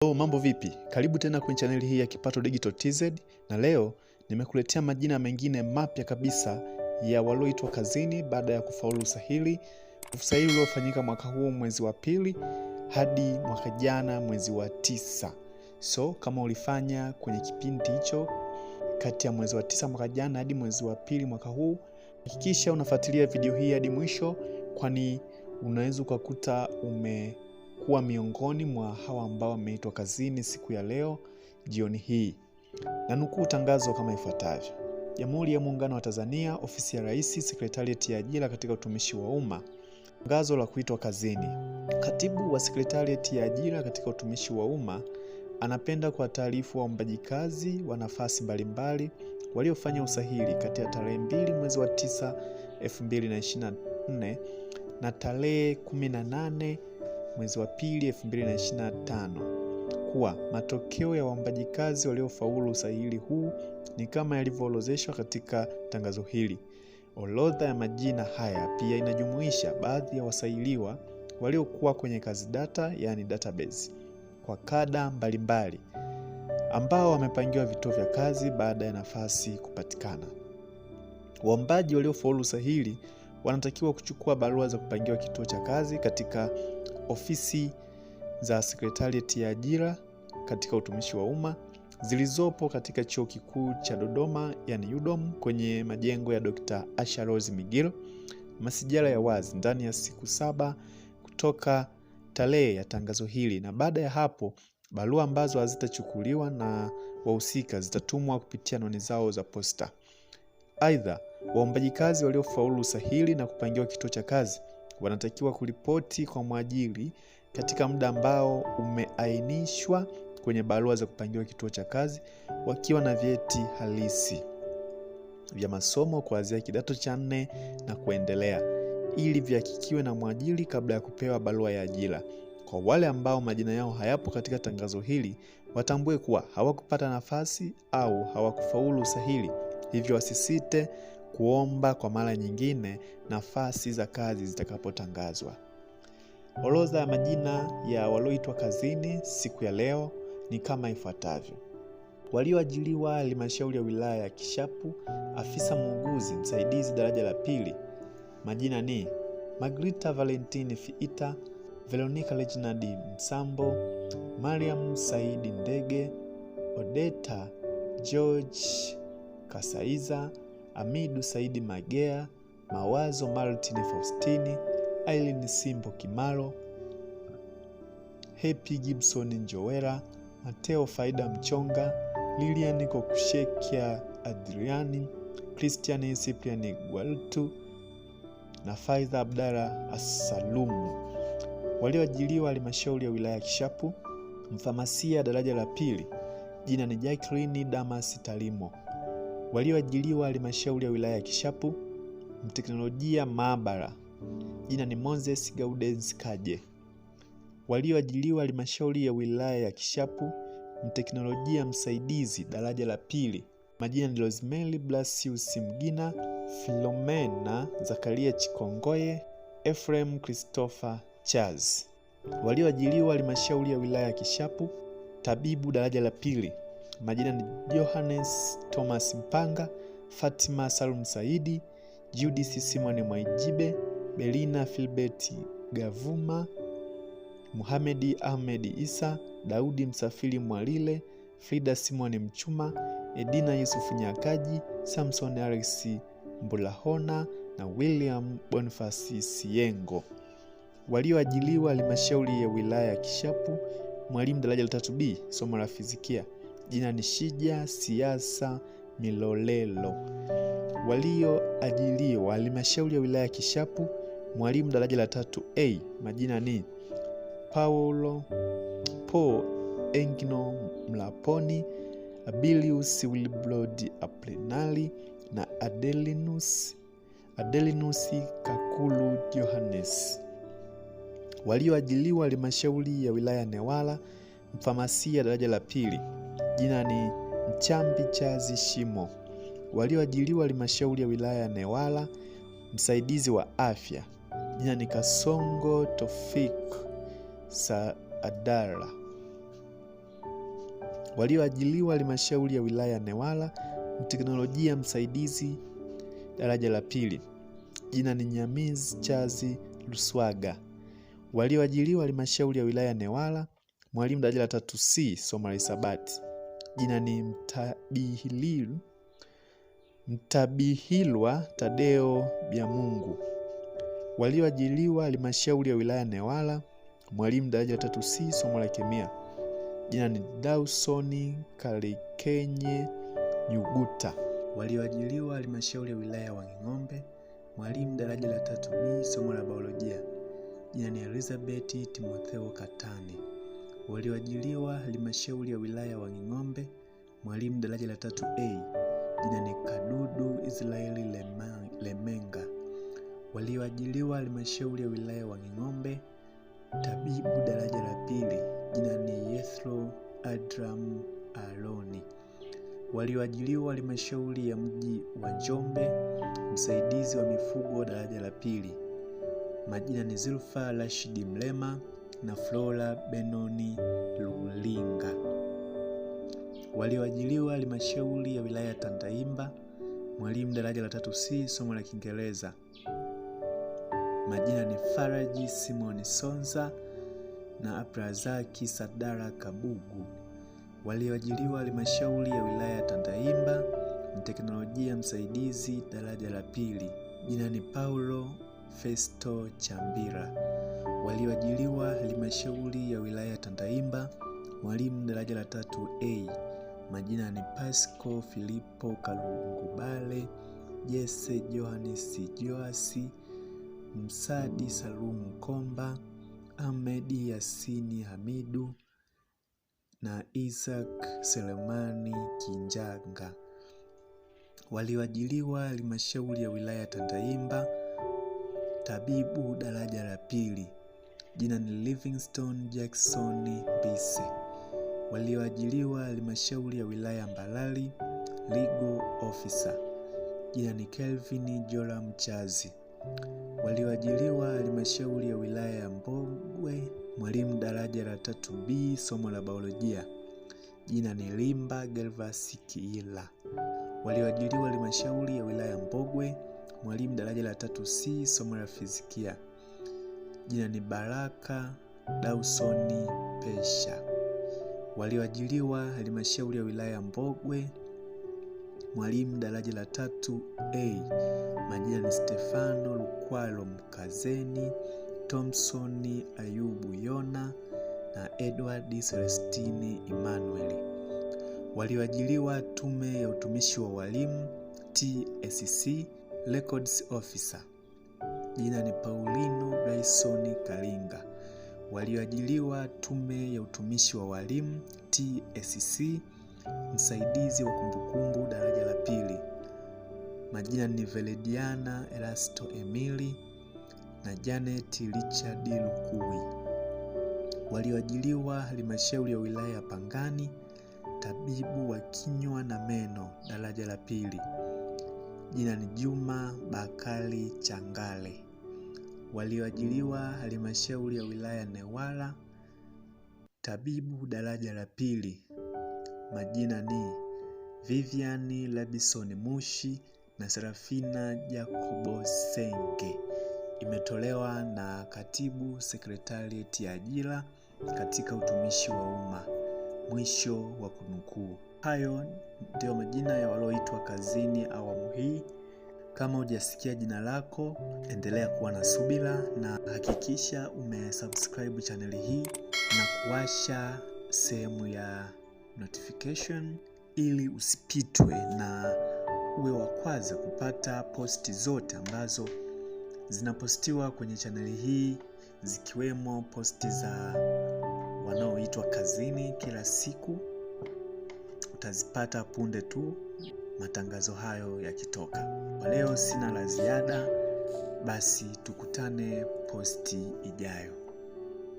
Hello, mambo vipi? Karibu tena kwenye chaneli hii ya Kipato Digital TZ, na leo nimekuletea majina mengine mapya kabisa ya walioitwa kazini baada ya kufaulu usahili, usahili uliofanyika mwaka huu mwezi wa pili hadi mwaka jana mwezi wa tisa. So kama ulifanya kwenye kipindi hicho kati ya mwezi wa tisa mwaka jana hadi mwezi wa pili mwaka huu, hakikisha unafuatilia video hii hadi mwisho, kwani unaweza ukakuta ume kuwa miongoni mwa hawa ambao wameitwa kazini siku ya leo jioni hii na nukuu tangazo kama ifuatavyo jamhuri ya muungano wa tanzania ofisi ya rais sekretarieti ya ajira katika utumishi wa umma tangazo la kuitwa kazini katibu wa sekretarieti ya ajira katika utumishi wa umma anapenda kuwataarifu waombaji kazi wa nafasi mbalimbali waliofanya usahili kati ya tarehe 2 mwezi wa 9 2024 na tarehe 18 mwezi wa pili 2025 kuwa matokeo ya waombaji kazi waliofaulu usahili huu ni kama yalivyoorodheshwa katika tangazo hili. Orodha ya majina haya pia inajumuisha baadhi ya wasailiwa waliokuwa kwenye kazi data, yani database, kwa kada mbalimbali ambao wamepangiwa vituo vya kazi baada ya nafasi kupatikana. Waombaji waliofaulu usahili wanatakiwa kuchukua barua za kupangiwa kituo cha kazi katika ofisi za sekretarieti ya ajira katika utumishi wa umma zilizopo katika chuo kikuu cha Dodoma yani UDOM kwenye majengo ya Dr. Asha Rose Migiro. Masijara ya wazi ndani ya siku saba kutoka tarehe ya tangazo hili, na baada ya hapo barua ambazo hazitachukuliwa na wahusika zitatumwa kupitia noni zao za posta. Aidha, waombaji kazi waliofaulu usahili na kupangiwa kituo cha kazi wanatakiwa kuripoti kwa mwajiri katika muda ambao umeainishwa kwenye barua za kupangiwa kituo cha kazi wakiwa na vyeti halisi vya masomo kuanzia kidato cha nne na kuendelea ili vihakikiwe na mwajiri kabla ya kupewa barua ya ajira. Kwa wale ambao majina yao hayapo katika tangazo hili, watambue kuwa hawakupata nafasi au hawakufaulu usahili, hivyo wasisite kuomba kwa mara nyingine nafasi za kazi zitakapotangazwa. Orodha ya majina ya walioitwa kazini siku ya leo ni kama ifuatavyo: walioajiliwa halmashauri ya wilaya ya Kishapu, afisa muuguzi msaidizi daraja la pili. Majina ni magrita Valentini Fiita, Veronica Reginald Msambo, Mariam Saidi Ndege, Odeta George Kasaiza Amidu Saidi Magea, Mawazo Martin Faustini, Aileen Simbo Kimaro, Happy Gibson Njowera, Mateo Faida Mchonga, Lilian Kokushekia Adriani, Christian Cyprian Gwaltu na Faidha Abdara Asalumu walioajiliwa halmashauri ya wilaya ya Kishapu, mfamasia daraja la pili. Jina ni Jacqueline Damas Talimo walioajiliwa halmashauri ya wilaya ya Kishapu, mteknolojia maabara, jina ni Moses Gaudens Kaje. Walioajiliwa halmashauri ya wilaya ya Kishapu, mteknolojia msaidizi daraja la pili, majina ni Rosemary Blasius Mgina, Filomena Zakaria Chikongoye, Ephraim Christopher Charles. Walioajiliwa halmashauri ya wilaya ya Kishapu, tabibu daraja la pili Majina ni Johannes Thomas Mpanga, Fatima Salum Saidi, Judith Simon Mwaijibe, Belina Filbert Gavuma, Muhamedi Ahmed Isa, Daudi Msafiri Mwalile, Frida simone Mchuma, Edina Yusufu Nyakaji, Samson Alex Mbulahona na William Bonifasi Siengo. Walioajiliwa halimashauri ya wilaya ya Kishapu, mwalimu daraja la 3B somo la fizikia jina ni Shija Siasa Milolelo. Walioajiliwa halmashauri ya wilaya ya Kishapu, mwalimu daraja la tatu A hey, majina ni Paulo Po engno Mlaponi, Abilius Wilbrod Aplenali na Adelinus Adelinus Kakulu Johannes. Walioajiliwa halmashauri ya wilaya ya Newala, mfamasia daraja la pili Jina ni Mchambi Chazi Shimo, walioajiliwa halmashauri ya wilaya ya Newala, msaidizi wa afya. Jina ni Kasongo Tofik Saadala, walioajiliwa halmashauri ya wilaya ya Newala, mteknolojia msaidizi daraja la pili. Jina ni nyamiz Chazi Luswaga, walioajiliwa halmashauri ya wilaya ya Newala, mwalimu daraja la tatu C Somali Sabati jina ni Mtabihilil, Mtabihilwa Tadeo bya mungu walioajiliwa alimashauri ya wilaya Newala, mwalimu daraja tatu C somo la kemia, jina ni Dausoni Kalekenye Nyuguta, walioajiliwa alimashauri ya wilaya ya Wanging'ombe, mwalimu daraja la tatu B somo la biolojia, jina ni Elizabeth Timotheo Katani walioajiliwa halmashauri ya wilaya Wanging'ombe, mwalimu daraja la tatu A, jina ni Kadudu Israeli Lemenga. Walioajiliwa halmashauri ya wilaya Wanging'ombe, tabibu daraja la pili, jina ni Yethro Adram aroni Walioajiliwa halmashauri ya mji wa Njombe, msaidizi wa mifugo daraja la pili, majina ni Zulfa Rashidi Mlema na Flora Benoni Lulinga walioajiliwa halmashauri ya wilaya ya Tandaimba, mwalimu daraja la tatu C somo la Kiingereza. Majina ni Faraji Simoni Sonza na Abrazaki Sadara Kabugu walioajiliwa halmashauri ya wilaya ya Tandaimba ni teknolojia msaidizi daraja la pili. Jina ni Paulo Festo Chambira walioajiliwa halmashauri ya wilaya Tandaimba, mwalimu daraja la tatu A, majina ni Pasco Filipo Kalungubale, Jesse Johannes Joasi, Msadi Salumu Komba, Ahmedi Yasini Hamidu na Isaac Selemani Kinjanga walioajiliwa halmashauri ya wilaya Tandaimba, tabibu daraja la pili Jina ni Livingstone Jackson bc walioajiliwa halmashauri ya wilaya Mbalali, legal officer. Jina ni Kelvin Jola Mchazi, walioajiliwa halmashauri ya wilaya ya Mbogwe, mwalimu daraja la tatu B, somo la biolojia. Jina ni Limba Gervas walioajiliwa halmashauri ya wilaya ya Mbogwe, mwalimu daraja la tatu C, somo la fizikia. Jina ni Baraka Dausoni Pesha. Walioajiliwa halmashauri ya wilaya ya Mbogwe, mwalimu daraja la tatu A, majina ni Stefano Lukwalo Mkazeni, Thompson Ayubu Yona na Edward Celestini Emmanuel. Walioajiliwa tume ya utumishi wa walimu TSC Records Officer jina ni Paulino Bryson Kalinga, walioajiliwa Tume ya Utumishi wa Walimu TSC, msaidizi wa kumbukumbu daraja la pili. Majina ni Velediana Erasto Emili na Janet Richard Lukui, walioajiliwa Halmashauri ya Wilaya ya Pangani, tabibu wa kinywa na meno daraja la pili. Jina ni Juma Bakari Changale. Walioajiriwa halmashauri ya wilaya Newala, tabibu daraja la pili. Majina ni Viviani Labison Mushi na Serafina Jacobo Senge. Imetolewa na katibu sekretarieti ya ajira katika utumishi wa umma. Mwisho wa kunukuu. Hayo ndio majina ya walioitwa kazini awamu hii. Kama hujasikia jina lako, endelea kuwa na subira na hakikisha umesubscribe chaneli hii na kuwasha sehemu ya notification ili usipitwe na uwe wa kwanza kupata posti zote ambazo zinapostiwa kwenye chaneli hii zikiwemo posti za wanaoitwa kazini kila siku utazipata punde tu matangazo hayo yakitoka. Kwa leo sina la ziada, basi tukutane posti ijayo.